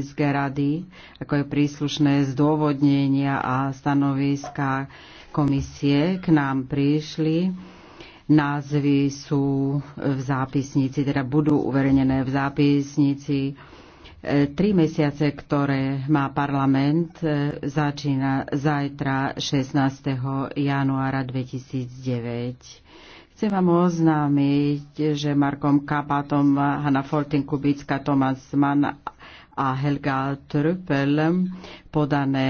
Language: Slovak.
z Gerady, ako je príslušné zdôvodnenia a stanoviska komisie k nám prišli. Názvy sú v zápisnici, teda budú uverejnené v zápisnici. E, tri mesiace, ktoré má parlament, e, začína zajtra 16. januára 2009. Chcem vám oznámiť, že Markom Kapatom, Hanna Fortin-Kubická, Tomas Mann a Helga Trpel podané